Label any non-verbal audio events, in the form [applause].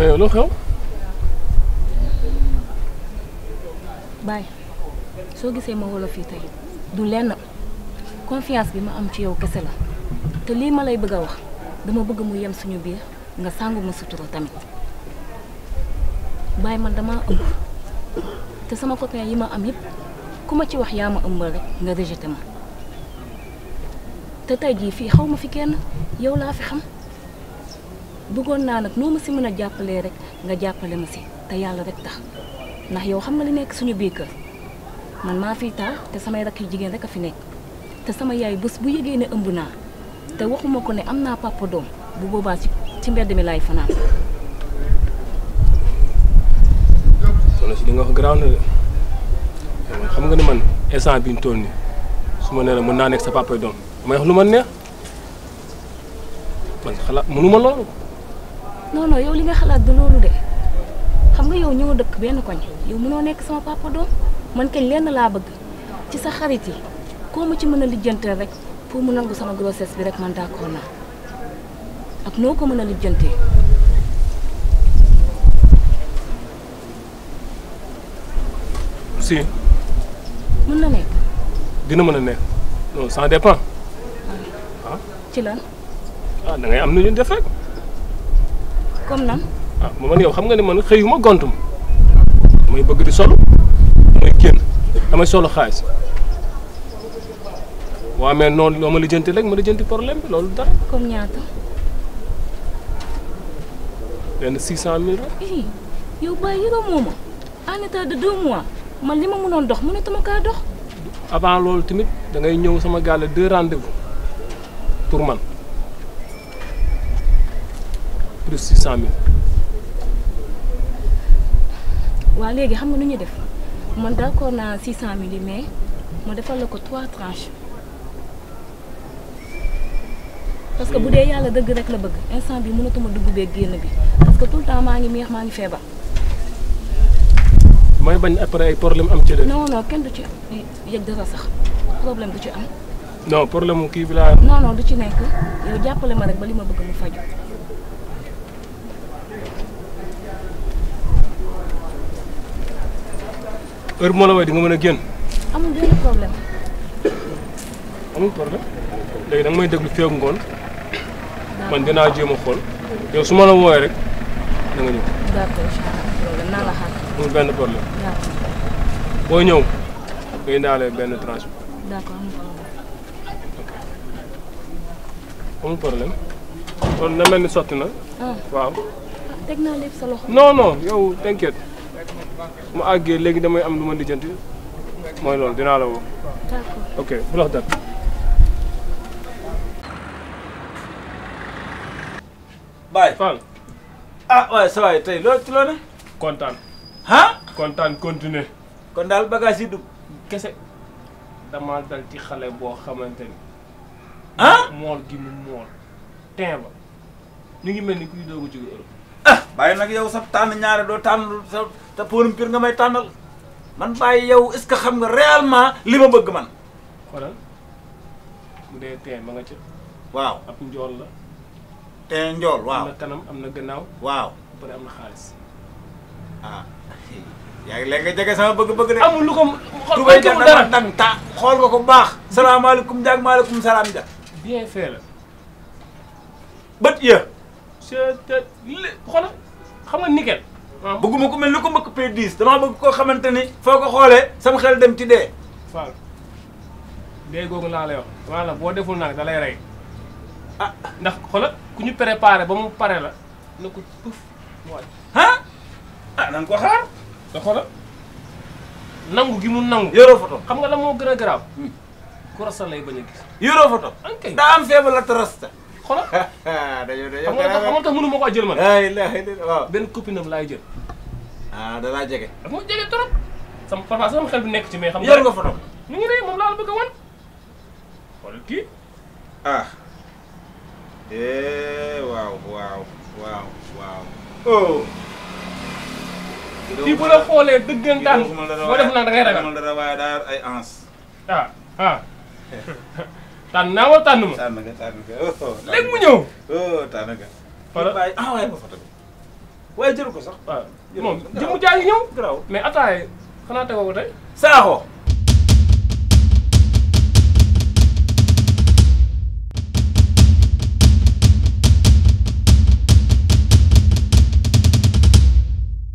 mais lu xew. Baye soo gisee ma wala fii tey du lenn confiance bi ma am ci yow kese la te lii ma lay bëgg a wax dama bëgg mu yem suñu biir nga sàngu ma sutura tamit baay man dama ëmb te sama copain yi ma am yëpp ku ma ci wax yaa ma ëmbal rek nga rejeté ma te tey jii fii xaw ma fi kenn yow laa fi xam. bëggoon naa nag noo ma si mën a jàppalee rek nga jàppale ma si te yàlla rek tax ndax yow xam nga li nekk suñu biir kër man maa fi taax te samay rakk yu jigéen rek a fi nekk te sama yaay bés bu yëgee ne ëmb naa te waxuma ko ne am naa papa doom bu boobaa ci ci mbedd mi laay fanaan. soxna si li nga wax garaaw de xam nga ne man instant bi ñu toll nii su ma nee mën naa nekk sa papa doom damay ma neex xalaat mënuma loolu. non yow li nga xalaat du loolu de xam nga yow ñoo dëkk benn koñ yow mënoo nekk sama papa doom man kañ lenn laa bëgg ci sa xarit yi koo mu ci mën a lijjantee rek pour mu nangu sama grossesse bi rek man d'accord naa ak noo ko mën a lijjantee. si. mën na nekk. dina mën a nekk non ça dépend. ah, ah. ci lan. ah da am nu ñu def comme nan. Ah, man yow xam nga ne man xëyuma gontum damay bëgg di solo damay génn damay solo xaalis waaw mais noonu loo ma lijjanti rek ma lijjanti problème bi loolu dara. comme ñaata. benn six cent mille rek. Eh, yow bàyyi yëroo mooma en de deux mois man li ma mënoon dox mënatuma kaa dox. avant loolu tamit dangay ñëw sama gàlle deux rendez-vous pour man. plus 600. 000. mille. waaw léegi xam nga nu ñu def man d' mais ma defal la ko tranches parce que bu dee yàlla dëgg rek la bëgg instant bi mënatuma dugg bee génn bi parce que tout le temps maa ngi meex maa ngi feebar. may bañ après ay problème am ci de. non non kenn du ci eh, yëg dara sax problème du ci am. non problème bi non non du ci yow ma rek ba li ma bëgg mu heure bu ma la woowee di mën a génn. amul benn problème. amul problème may déglu feebu ngoon man dinaa jéem a xool yow su ma la wooyee rek da ñëw. d'accord benn problème. boo ñëw nga indaale benn transport. amul problème. kon na mel ni sotti na. Ah. waaw. teg naa lépp sa loxo. non non yow mu agge legui damay am lu ma moy lol dina la wo ok bu la dat Baye fal ah waaye sa waay tay lo ci lo ne. kontaan. ha kontaan continue kon dal bagage yi du kese. dama dal ci xalé bo xamanteni ni. mol gi mu mol temba ñu ngi melni kuy dogu ci Europe. ah bàyyi nag yow sa tan ñaare do tan ta pourum pir nga may tanal man bàyyi yow est ce xam nga réellement li ma bëgg man. xolal bu dé té ma nga ci waaw ap ndjol la. té ndjol waaw amna na kanam am na gannaaw. waaw ba am na ah ya ngi léegi nga jege sama bëgg-bëgg né amul lu ko xol ko mu dara dang ta xol ko ko baax. salam alaykum jaag maaleykum salam ja. bien fait la. bët ya. ce est xolal xam nga nickel. bëgguma ko mel ni ko mbëkk P10 damaa bëgg koo xamante ni foo ko xoolee sam xel dem ci dee. Fall dee googu laa lay wax maanaam boo deful naa da lay rey ah ndax xoolal ku ñu préparé ba mu pare la na ko puuf mu wàcc. ah ah nan ko xaar da nangu gi mu nangu. yoroo xam nga la moo gën a garaaw. Hmm. ku rasta lay bañ a gis. yoroo photo. daa am feebar la te xoolal [laughs] kamu tak xam nga xamal tax mënu ma koo jël man la Ada illallah Kamu jaga copine am jël ah da sama parfois sama xel bi nekk ci mais xam nga yor nga photo ñu ngi ne moom la bëgg ah eh wow, wow, wow, waaw oh kii bu la xoolee dëggantaan boo def nag da ngay ragal dara waaye daa ay ans ah ah [laughs] tànn naa wala tànn ma. tànn nga tànn nga oh, léegi mu oh, ah, ma photo bi waaye jëru ko sax. waaw ah, moom mais attaaye xanaa